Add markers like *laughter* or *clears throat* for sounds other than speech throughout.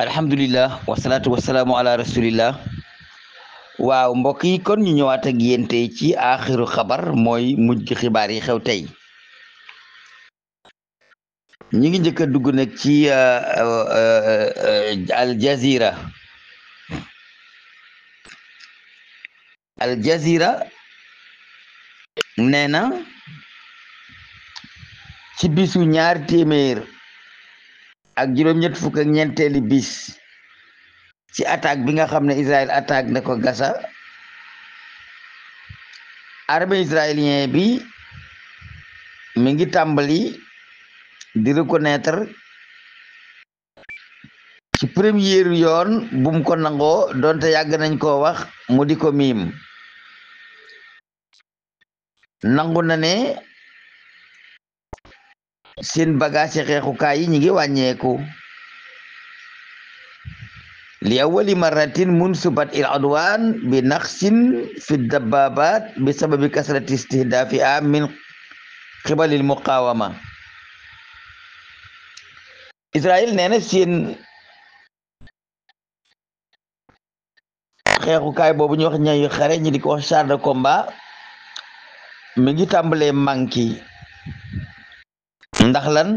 alhamdulilah wasalaatu wasalaamu waaw mbokk yi kon ñu ñëwaat ak yéen tey ci axiru xabar mooy mujj xibaar yi xew tey ñu ngi njëkk a dugg nag ci euh, euh, al jazira al na ci bisu ñaar téeméer ak juróom-ñett fukk ak bis ci attaque bi nga xam ne Israël attaque na ko Gaza armée israélien bi mi ngi tàmbali di reconnaître ci premier yoon bu ko nangoo donte yàgg nañ koo wax mu di ko miim nangu na seen bagaasi xeexukaay yi ñi ngi wàññeeku li awali maratin munsubat il adwan bi naqsin fi dababat bi sababi kasrati istihdafi a min qibalil muqawama israil nee na seen xeexukaay boobu ñu wax ñayu xare ñi di ko wax combat mi ngi tàmbalee manki ndax lan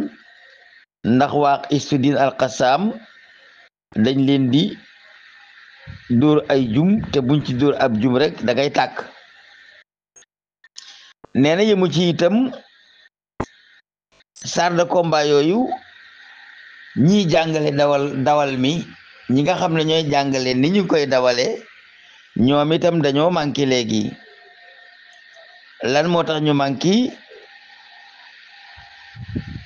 ndax waa Hizbut-Din al-Qassam dañ leen di dóor ay jum te buñ ci dóor ab jum rek da ngay tàkk nee na yëmu ci itam char de combat yooyu ñiy jàngale dawal dawal mi ñi nga xam ne ñooy jàngale ni ñu koy dawale ñoom itam dañoo manqué léegi lan moo tax ñu manqué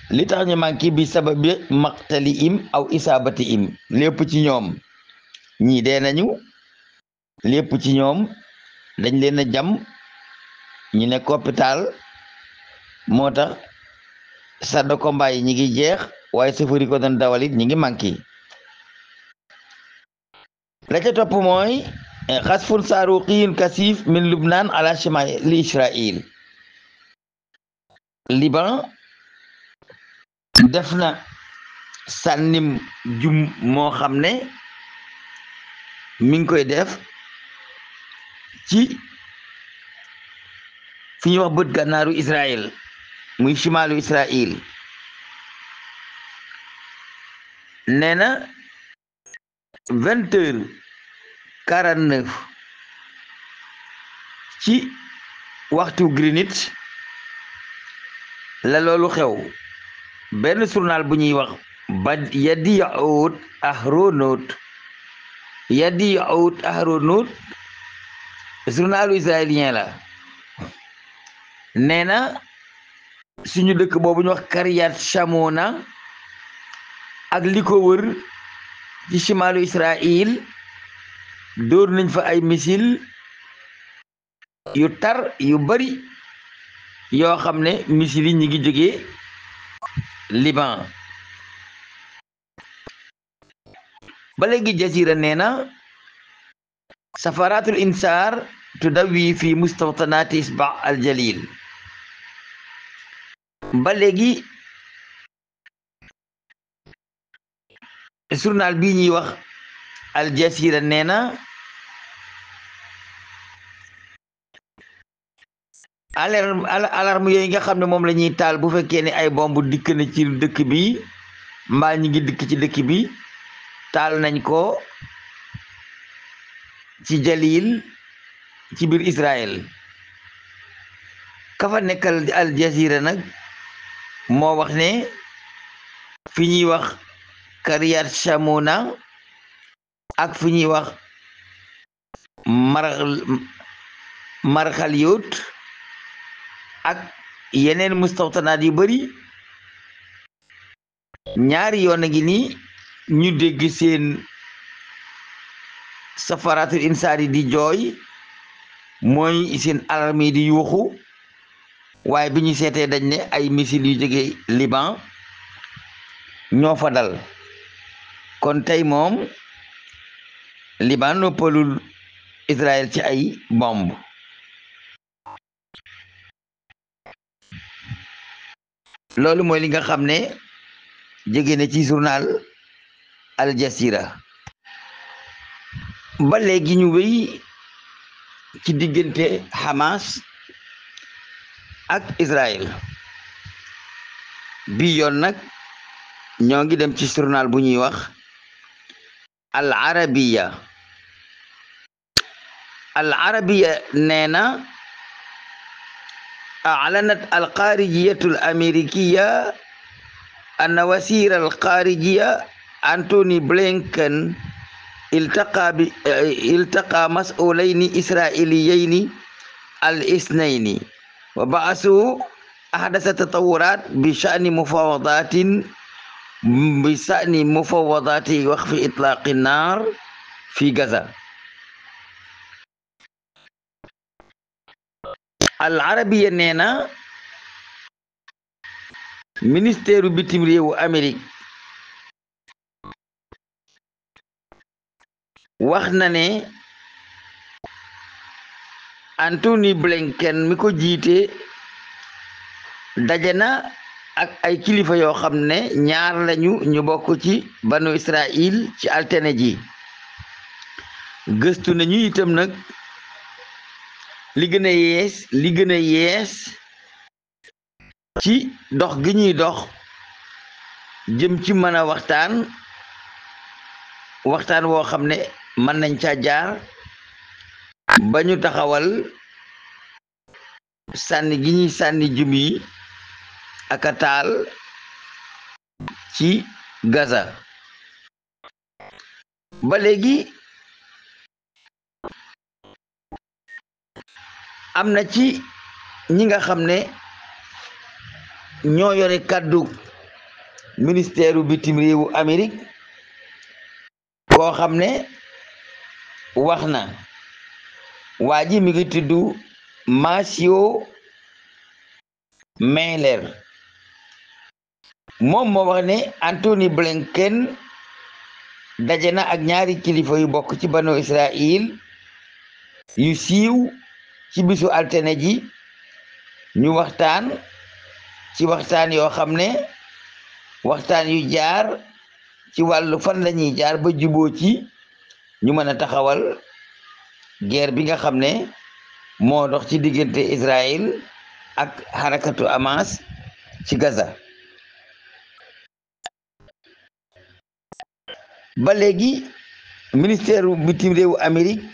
li tax ñu manqué bi sababi maqtali im aw isaabati im ci ñoom ñii dee nañu lépp ci ñoom dañ leen a jam ñu nekk hôpital moo tax sàdd combat yi ñi ngi jeex waaye sëfëri ko doon ñi ngi manqué la ca topp mooy xasfun saaruqiyun kasif min lubnaan ala shimal li israil liban def na sànnim jum moo xam ne mi ngi koy def ci fi wax bët gànnaaru Israël muy chimaalu Israël nee na vingt heures quarante neuf ci waxtu Greenwich la loolu xew benn journal bu ñuy wax ba yadi yaud ahronot yadi yaud ahronot journalu israélien la nee na suñu dëkk boobu ñu wax Kiryat Shmona ak li ko wër ci shimalu Israël dóor nañ fa ay missile yu tar yu bari yoo xam ne missile yi ñi ngi jógee Liban ba léegi jazira nee na safaratul insaar tudawi fi mustawtanati isba al jalil ba léegi journal bi ñuy wax al jazira nee na alarme yooyu nga xam ne moom lañuy taal bu fekkee ne ay bomb dikk na ci dëkk bi mbaa ñu ngi dikk ci dëkk bi taal nañ ko ci Jalil ci biir Israël kafa nekkal Al Jazeera nag moo wax ne fi ñuy wax Kiryat Shmona ak fi ñuy wax Mar Marxalyot ak yeneen mustawtanaat yu bari ñaari yoon a ngi nii ñu dégg seen safaraatul insaani di jooy mooy seen alarme di yuuxu waaye bi ñu seetee dañ ne ay missiles yu jege Liban ñoo fa dal kon tey moom Liban noppalul Israël ci ay bomb loolu mooy li nga xam ne jege na ci journal Al Jazeera ba léegi ñu wéy ci diggante Hamas ak Israël bi yoon nag ñoo ngi dem ci journal bu ñuy wax Al Arabiya Al Arabiya nee na أعلنت الخارجية الأمريكية أن وزير الخارجية أنتوني بلينكن التقى ب... التقى مسؤولين إسرائيليين الاثنين وبعثوا أحدث تطورات بشأن مفاوضات بشأن مفاوضات وقف إطلاق النار في غزة al arabiya nee na ministère bitim réewu Amérique wax na ne Anthony Blinken mi ko jiite daje na ak ay kilifa yoo xam ne ñaar lañu ñu bokk ci banu Israël ci altene ji gëstu nañu itam nag li gën a yees li yees ci dox gi ñuy dox jëm ci mën a waxtaan waxtaan woo xam ne mën nañ caa jaar ba ñu taxawal sànni gi ñuy sànni jum yi ak taal ci Gaza ba léegi am na ci ñi nga xam ne ñoo yore kàddu ministère bitim réewu Amérique koo xam ne wax na waa ji mi ngi tudd Matthew Miller moom moo wax ne Anthony Blinken daje na ak ñaari kilifa yu bokk ci banu Israël yu siiw ci bisu altine ji ñu waxtaan ci waxtaan yoo xam ne waxtaan yu jaar ci wàllu fan lañuy jaar ba juboo ci ñu mën a taxawal guerre bi nga xam ne moo dox ci diggante Israël ak xarakatu Hamas ci Gaza ba léegi ministère bitim réewu Amérique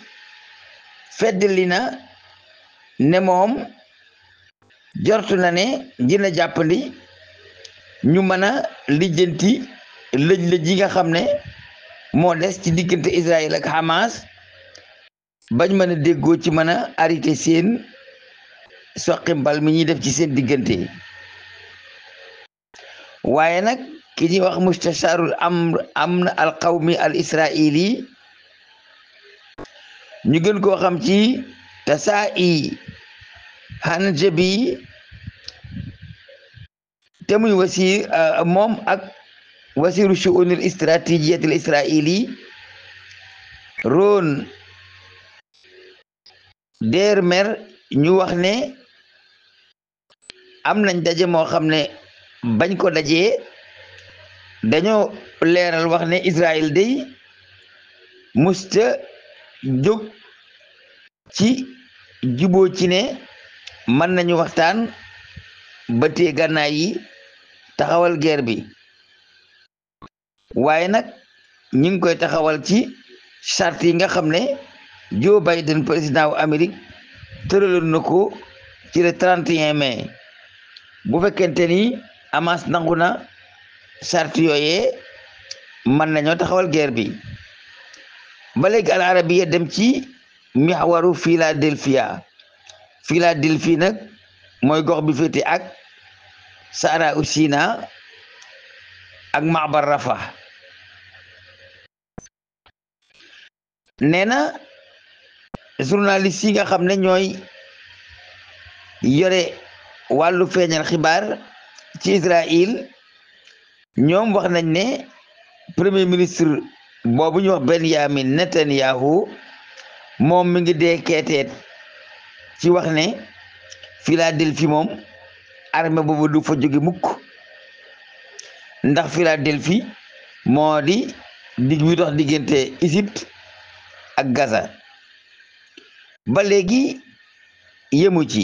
li na ne moom jortu na ne dina jàppandi ñu mën a lijjanti lëj-lëj nga xam ne moo des ci diggante Israël ak Hamas bañ mën a déggoo ci mën a arrêté seen soqi mbal mi ñuy def ci seen diggante waaye nag ki ñuy wax mustacharul amr amn al qawmi al israili ñu gën koo xam ci tasaa i xan jabi te muy wasir euh, moom ak wasiru shu'unil istratijiyatil israili ron dermer ñu wax ne am nañ daje moo xam ne bañ ko dajee dañoo leeral wax ne Israël day musta jóg ci juboo ci ne mën nañu waxtaan ba téye gànnaay yi taxawal guerre bi waaye nag ñu ngi koy taxawal ci charte yi nga xam ne Joe Biden président wu Amérique tëraloon na ko ci le 31 mai bu fekkente ni Hamas nangu na charte yooyee mën nañoo taxawal guerre bi ba léegi Al Arabiya dem ci mihwaru Philadelphia Philadelphie nag mooy gox bi féete ak Saara Usina ak Maabar Rafa nee na journaliste yi nga xam ne ñooy yore wàllu feeñal xibaar ci Israël ñoom wax nañ ne premier ministre boobu ñu wax Benjamin Netanyahu moom mi ngi dee keeteet ci wax ne Philadelphie moom armée boobu du fa jóge mukk ndax Philadelphie moo di digg bi dox diggante Égypte ak Gaza ba léegi yemu ci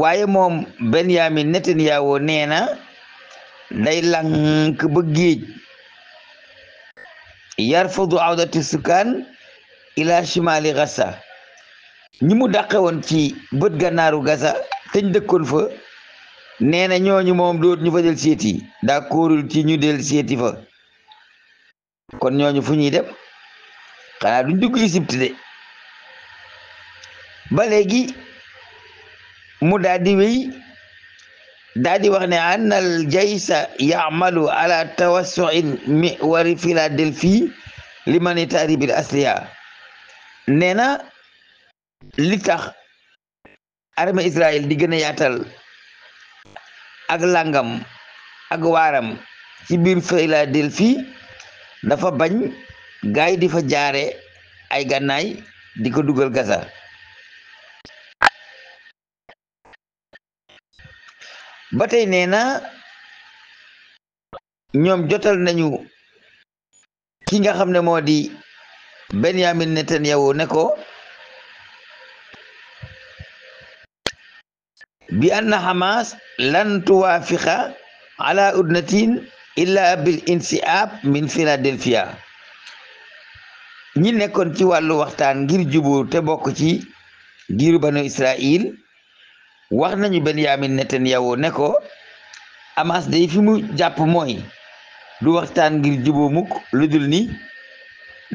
waaye moom Benyamin Netanyahu nee na day lank ba géej yarfadu awdati sukaan ila shimali Gaza ñi mu dàqe woon ci bët gannaaru gasa teñ dëkkoon fa nee na ñooñu moom doot ñu fa del seeti daa kóorul ci ñu del seeti fa kon ñooñu fu ñuy dem xanaa duñ dugg Égypte de ba léegi mu daal di wéy daal di wax ne annal jaysa yaamalu ala tawassuin mi wari philadelphie limanitari bil asliya nee na li tax armée Israël di gën a yaatal ak langam ak waaram ci biir Philadelphie dafa bañ gaay di fa jaare ay gannaay di ko dugal Gaza ba tey nee na ñoom jotal nañu ki nga xam ne moo di Benjamin Netanyahu ne ko bi anna hamas lan tuwaafiqa ala udnatin illa bil insiab min philadelphia ñi nekkoon ci wàllu waxtaan ngir jubóo te bokk ci giiru banu israil wax nañu benyamin netanyahu ne ko hamas day fi jàpp mooy du waxtaan ngir jubóo mukk lu dul ni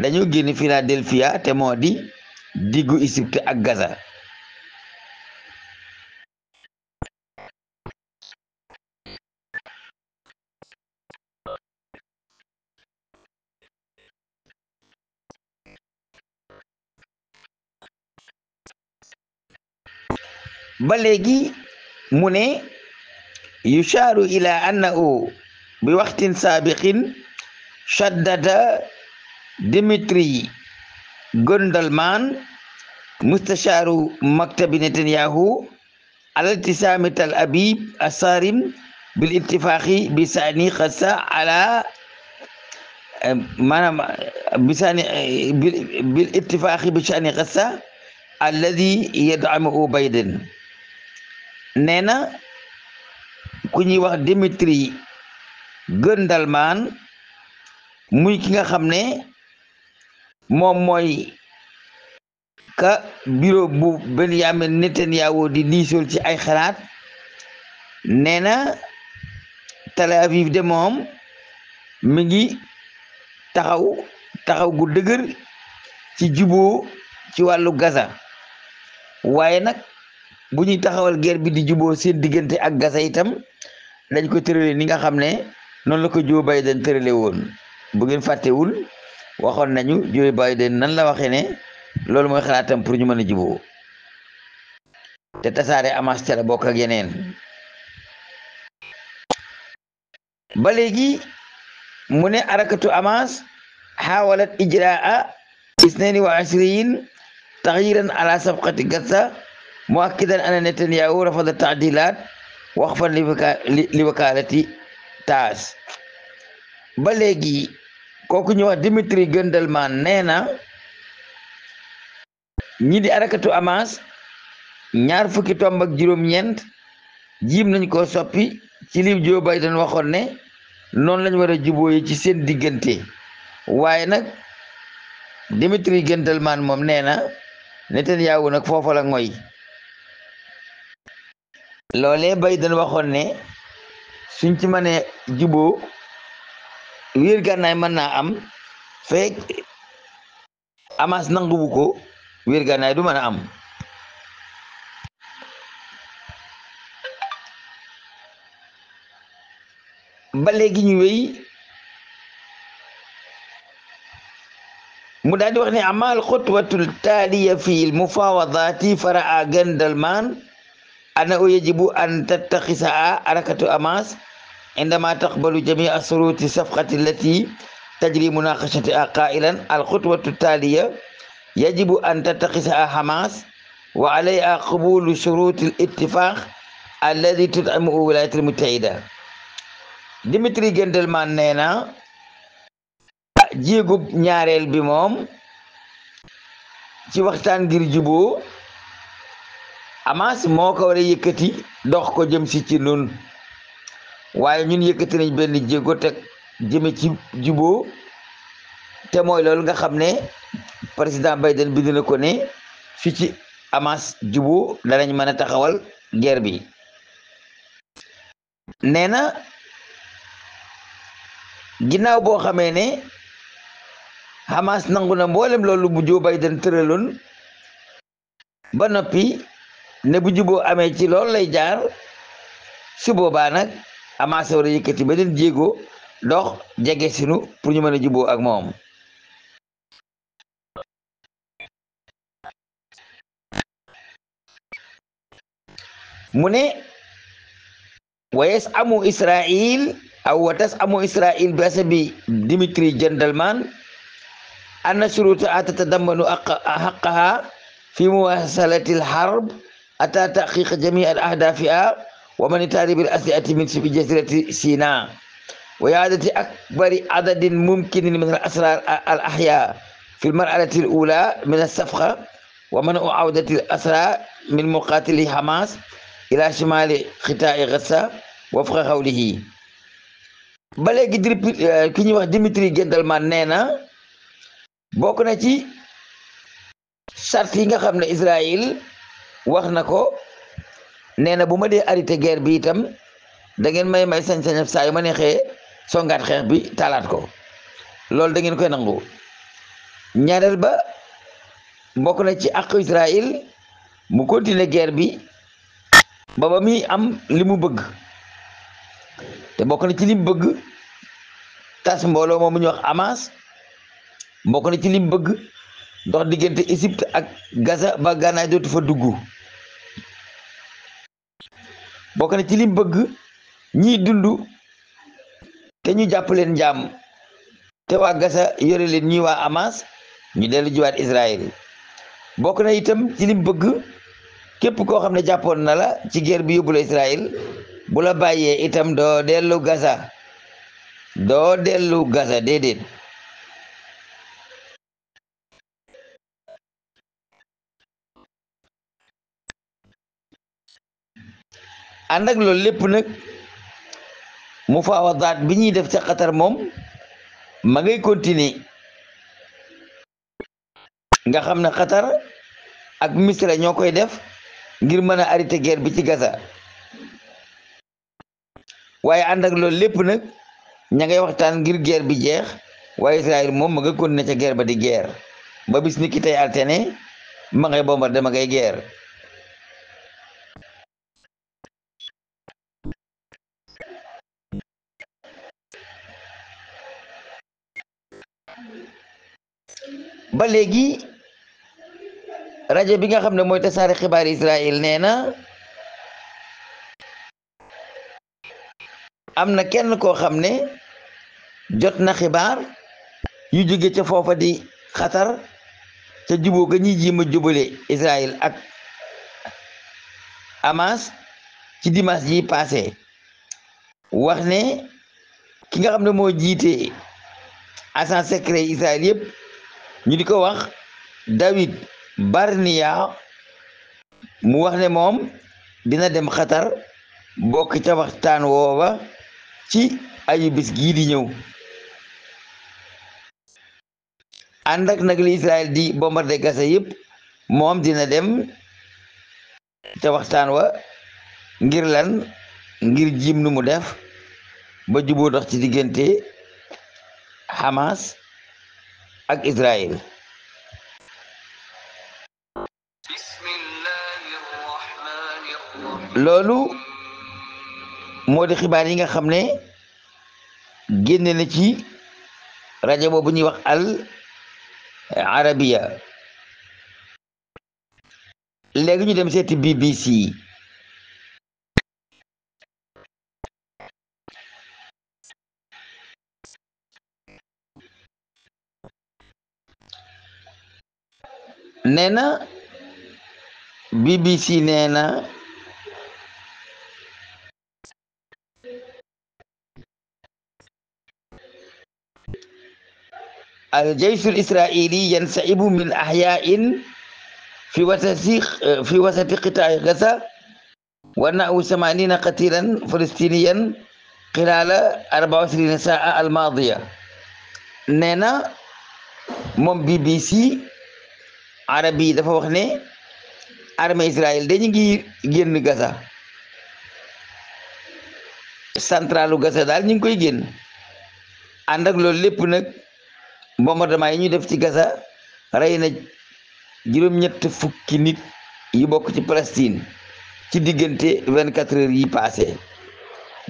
dañoo génn philadelphia te moo di diggu Égypte ak gaza ba léegi mu ne yushaaru ila annahu bi waxtin saabiqin shaddada dimitri gondalman mustashaaru maktabi netanyahu alatisaamit al abib asarim bil ittifaqi bi saani xasa ala maanaam bi saani bil ittifaqi bi saani xasa alladi yadamuhu bayden nee na ku ñuy wax Dimitri Gundelman muy ki nga xam ne moom mooy ka bureau bu Benyamin Netanyahu di diisool ci ay xalaat nee na Tel de moom mi ngi taxaw taxaw gu dëgër ci juboo ci wàllu Gaza waaye nag bu ñuy taxawal guerre bi di juboo seen diggante ak Gaza itam dañ ko tëralee ni nga xam ne noonu la ko Joe den tërale woon bu ngeen fàttewul waxoon nañu Joe Biden nan la waxee ne loolu mooy xalaatam pour ñu mën a juboo te tasaare Hamas ca la bokk ak yeneen ba léegi mu ne arakatu Hamas xaawalat ijraa isnaini wa ashriin taxyiran ala sabqati Gaza muakkidan ana netanyahu rafada taadilat waqfan li wakaalati taas ba léegi kooku ñu wax Dimitri Gundelman nee na ñi di arakatu Hamas ñaar fukki tomb ak juróom-ñeent jiim nañ koo soppi ci li Joe Biden waxoon ne noonu lañu war a jubóoyi ci seen diggante waaye nag Dimitri Gundelman moom nee na Netanyahu nag foofa la ngoy loolee Biden waxoon ne suñ ci mënee juboo wiir gànnaay mën naa am fekk Hamas nanguwu ko wiir du mën a am ba léegi mu daal di wax ne amal xutwatul taaliya fi l mufawadati faraa gandalmaan أنه يجب أن تتخذها حركة أماس عندما تقبل جميع شروط الصفقة التي تجري مناقشتها قائلا الخطوة التالية يجب أن تتخذها حماس وعليها قبول شروط الاتفاق الذي تدعمه الولايات المتحدة Dimitri Gendelman nee na jéegub ñaareel bi moom ci waxtaan ngir juboo avance moo ko war a dox ko jëm si ci nun waaye ñun yëkkati nañ benn jéego teg jëme ci juboo te mooy loolu nga xam ne président Biden bind na ko ne fii ci Hamas juboo danañ mën a taxawal guerre bi nee na ginnaaw boo xamee ne Hamas nangu na mboolem loolu bu Joe Biden tëraloon ba noppi ne bu juboo amee ci loolu lay jaar su boobaa nag Amaas war a yëkkati beneen jéego dox jege sinu pour ñu mën a juboo ak moom. mu ne wayes amu Israil aw watas amu Israil bi asabi Dimitri Gentleman anna shuruta atataddamanu haqqaha fi muwasalatil harb أتى تحقيق جميع الأهداف ومن تاري بالأسئلة من سبي جزيرة سيناء وإعادة أكبر عدد ممكن من الأسرى الأحياء في المرحلة الأولى من الصفقة ومنع عودة الأسرى من مقاتلي حماس إلى شمال قطاع غزة وفق قوله ba léegi di ki ñuy wax Dimitri Gendelman nee na bokk na ci sart yi nga xam ne Israël wax na ko nee na bu ma dee arrêté guerre bi itam da ngeen may may sañ-sañaf saa yu ma neexee songaat xeex bi talaat ko loolu da ngeen koy nangu ñaareel ba mbokk na ci àqu Israël mu continuer guerre bi ba ba am li mu bëgg te bokk na ci li bëgg tas mbooloo moom mu ñuy wax Hamas mbokk na ci li bëgg ndox diggante Égypte ak Gaza ba gànnaay dootu fa dugg bokk na ci lim bëgg ñi dund te ñu jàpp leen jaam te waa Gaza yore leen ñi waa Hamas ñu dellu jiwaat Israël bokk na itam ci lim bëgg képp koo xam ne jàppoon na la ci guerre bi yóbbu la Israël bu la bàyyee itam doo dellu Gaza doo dellu Gaza déedéet. ànd ak loolu lépp nag mu faawadaat bi ñuy def ca xatar moom ma ngay nga xam ne xatar ak mistira ñoo koy def ngir mën a arrêter guerre bi ci gaza waaye ànd ak loolu lépp nag ña ngay waxtaan ngir geer bi jeex waaye israël moom ma nga continuer ca guerre ba di guerre ba bis ni ki tey altene ma ngay bombarde ma ngay geer ba léegi rajo bi nga xam ne mooy tasaare xibaar Israël nee na am na kenn koo xam ne jot na xibaar yu jóge ca foofa di xatar ca juboo ga ñuy jéem a jubale Israël ak Hamas ci dimanche yi passé wax ne ki nga xam ne moo jiite agent secret Israël yëpp ñu di ko wax dawit barnia mu wax ne moom dina dem xatar bokk ca waxtaan wooba ci ayu bis gii di ñëw ànd ak nag li Israël di bombardé Gaza yëpp moom dina dem ca waxtaan wa ngir lan ngir jiim nu mu def ba juboo dox ci diggante Hamas ak Israël loolu moo di xibaar yi nga xam ne génne na ci rajo boobu ñuy wax al arabiya léegi ñu dem seeti BBC nee na BBC nee na aljaysul israili yansa'ibu min ahya'in fi wasati fi wasati qita'i gaza wa na'u samanina qatilan falistiniyan xilala arba wasrina saa almadiya nee na moom BBC arab yi dafa wax ne armée Israël dañu ngi génn Gaza centralu Gaza daal ñu ngi koy génn ànd ak loolu lépp nag bombardement yi ñu def ci Gaza rey na juróom-ñett fukki nit yi bokk ci Palestine ci diggante vingt quatre heures yi passé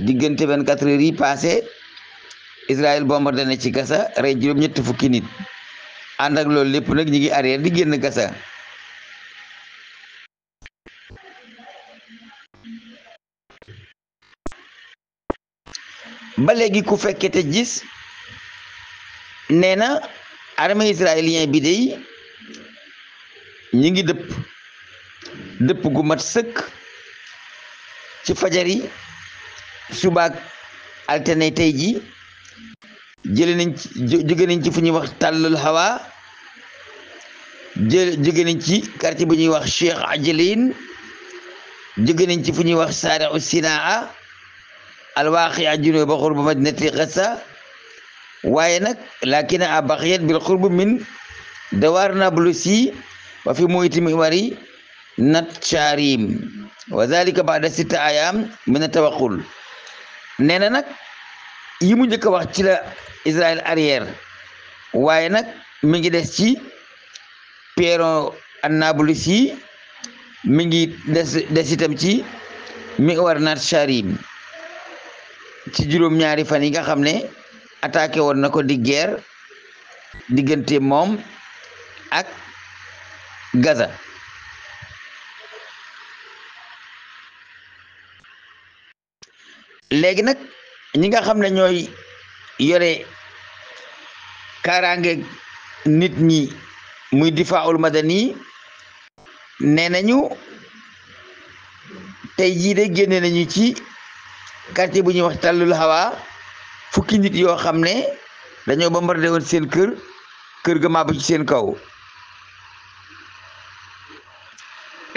diggante vingt quatre heures yi passé Israël bombardé na ci Gaza rey juróom-ñett fukki nit ànd ak loolu lépp nag ñu ngi arrière di génn Gaza ba léegi ku fekkee te gis nee na armée israélien bi dey ñi ngi dëpp dëpp gu mat sëkk ci fajar yi subaak altine tey ji jële nañ ci jóge fu ñuy wax tàllul hawa jël jóge ci quartier bu ñuy wax Cheikh Ajalin jóge nañ ci fu ñuy wax saariu sinaa alwaaqi junoo ba xurbu madinati Gaza waaye nag lakin a baxiyat bil xurbu min dawaar Nablusi wa fi muhitim imari nat charim wa dalika baada sita ayaam min tawaqul nee na yi mu njëkk a wax ci la Israël arrière waaye nag mi ngi des ci Pierrot Annabulis yi mi ngi des des itam ci mi war naat charim ci juróom-ñaari fan yi nga xam ne attaqué woon na ko di guerre diggante moom ak Gaza léegi nag ñi nga xam ne ñooy yore kaaraange nit ñi muy difaaul nii nee nañu tey jii de génne nañu ci quartier bu ñuy wax tàllul xawaa fukki nit yoo xam ne dañoo bombardé woon seen kër kër ga màbb ci seen kaw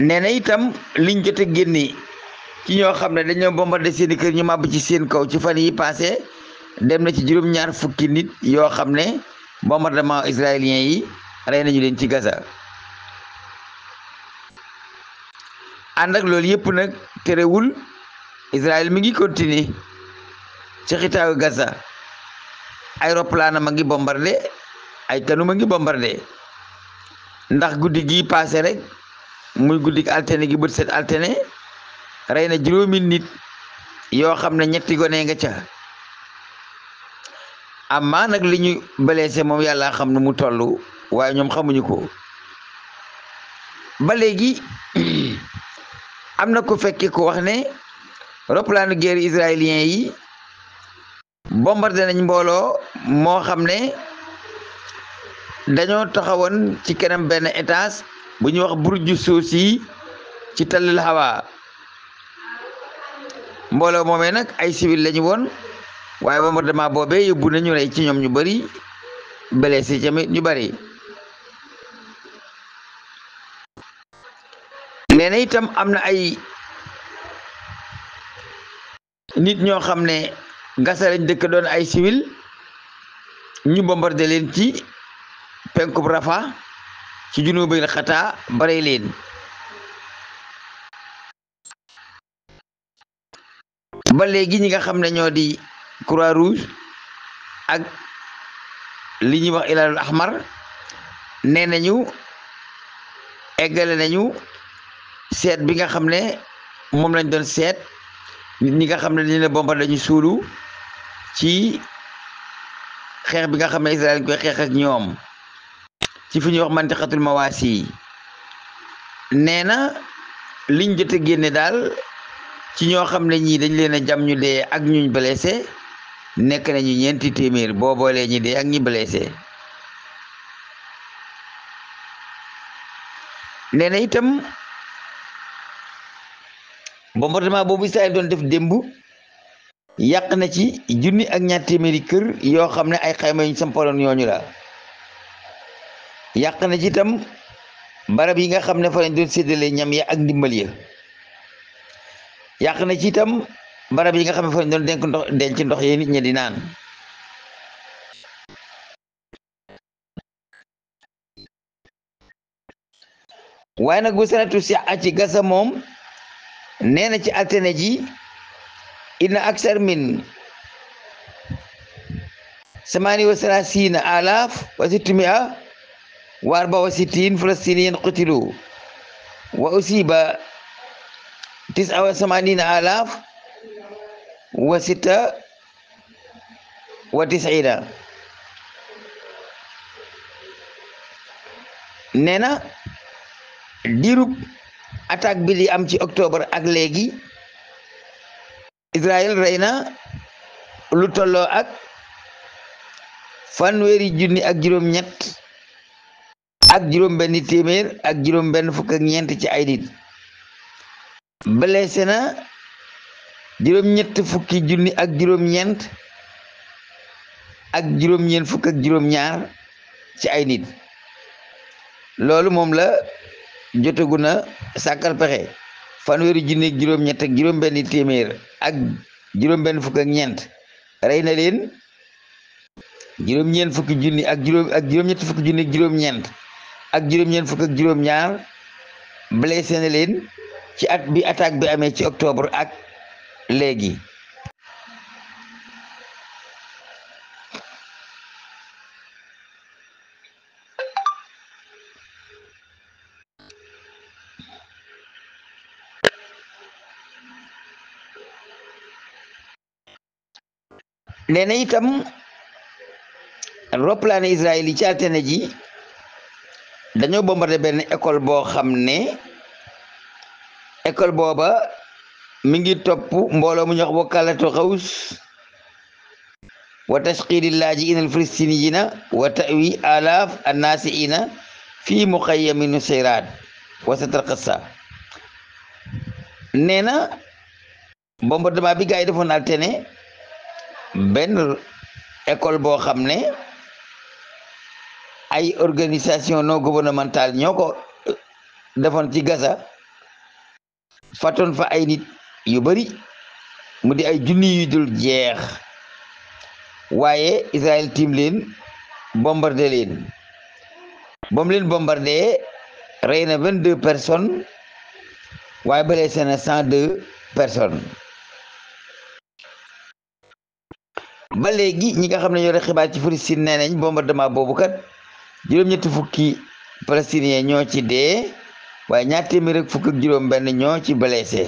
nee na itam liñ jote génne ci ñoo xam ne dañoo bombardé seen i kër ñu màbb ci seen kaw ci fan yi paase dem na ci juróom-ñaar fukki nit yoo xam ne bombardement israélien yi rey nañu leen ci Gaza ànd ak loolu yëpp nag kërewul Israël mi ngi continuer ci xitaayu Gaza ay roplaana ma ngi bombardé ay kanu ma ngi bombardé ndax guddi gi passé rek muy guddi altene gi bët seen altene rey na juróomi nit yoo xam ne ñetti gone nga ca ma nag li ñu blessé moom yàlla xam ne mu tollu waaye ñoom xamuñu ko ba léegi *clears throat* am na ku fekki ko wax ne roplaanu guerre israélien yi bombardé nañ mbooloo moo xam ne dañoo taxawoon ci kanam benn étage bu ñuy wax burju suusi ci talil hawa mbooloo moomee nag ay civil lañu woon waaye bombardement boobee yóbbu nañu rey ci ñoom ñu bari blessé tamit ñu bari nee na itam am na ay nit ñoo xam ne Gaza lañ dëkk doon ay civil ñu bombardé leen ci penkub Rafa ci junubu Xataa bare leen ba léegi ñi nga xam ne ñoo di croix rouge ak li ñuy wax ilalul ahmar nee nañu eggale nañu seet bi nga xam ne moom lañ doon seet nit ñi nga xam ne dañu bomba bombardé dañu suulu ci xeex bi nga xam ne Israël koy xeex ak ñoom ci fi ñuy wax mantixatul mawaasi nee na liñ jot a génne daal ci ñoo xam ne ñii dañ leen a jam ñu dee ak ñuñ blessé nekk nañu ñeenti téeméer boo boolee ñi dee ak ñi blessé nee na itam bombardement boobu Israël doon def démb yàq na ci junni ak ñaar téeméeri kër yoo xam ne ay xayma yuñ sampaloon ñooñu la yàq na ci itam barab yi nga xam ne fa lañ doon séddale ñam ya ak ndimbal ya yàq na ci itam barab yi nga xam ne fa ñu doon denc ndox denc ndox yi nit di naan waaye nag bu sanatu si a ci gasa moom nee na ci altine ji inna aksar min samani wa salasina alaaf wa sittumia wa arba usiba تسعة وثمانين آلاف وستة وتسعين nee na diirub attaque bi am ci octobre ak léegi Israël rey na lu tolloo ak fanweeri junni ak juróom-ñett ak juróom-benn téeméer ak juróom-benn fukk ak ci ay blessé na juróom-ñett ak juróom-ñeent ak juróom-ñeent ci ay nit loolu moom la jotagu na sàkkal pexe fanweeri junni ak juróom-ñett ak juróom ak juróom-benn fukk ak ñeent rey na leen juróom-ñeent fukki junni ak juróom ak juróom-ñett ak juróom-ñeent leen ci at bi attaque bi amee ci octobre ak léegi nee na itam roppalaan Israël yi ci altine ji dañoo bombardé benn école boo xam ne école booba mi ngi topp mbooloo mu ñox wakkalatu xaws wa tashqiidi laaji inal filistiniyina wa tawi alaaf annaasiina fii muqayyami nusayraat wa satar qissa nee na bombardement bi gaa yi defoon altene benn école boo xam ne ay organisation non gouvernementale ñoo defoon ci Gaza fatoon fa ay nit yu bari mu di ay junni yu jeex waaye Israël tiim leen bombardé leen bam leen bombarde rey na vingt deux personnes waaye blessé na cent deux personnes ba léegi ñi nga xam ne ñoo rek xibaar ci Palestine nee nañ bombardement boobu kat juróom-ñetti fukki palestiniens ñoo ci dee waaye ñaar téeméer ak fukk ak juróom ñoo ci blessé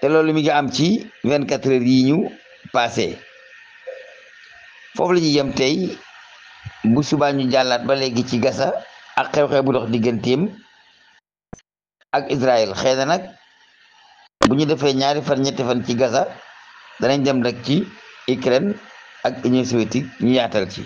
te loolu mi ngi am ci vingt quatre heures yi ñu passé foofu la ñuy yem tey bu subaa ñu jàllaat ba léegi ci Gaza ak xew-xew bu dox digganteem ak Israël xëy na nag bu ñu defee ñaari fan ñetti fan ci Gaza danañ dem rek ci Ukraine ak Union ñu yaatal ci.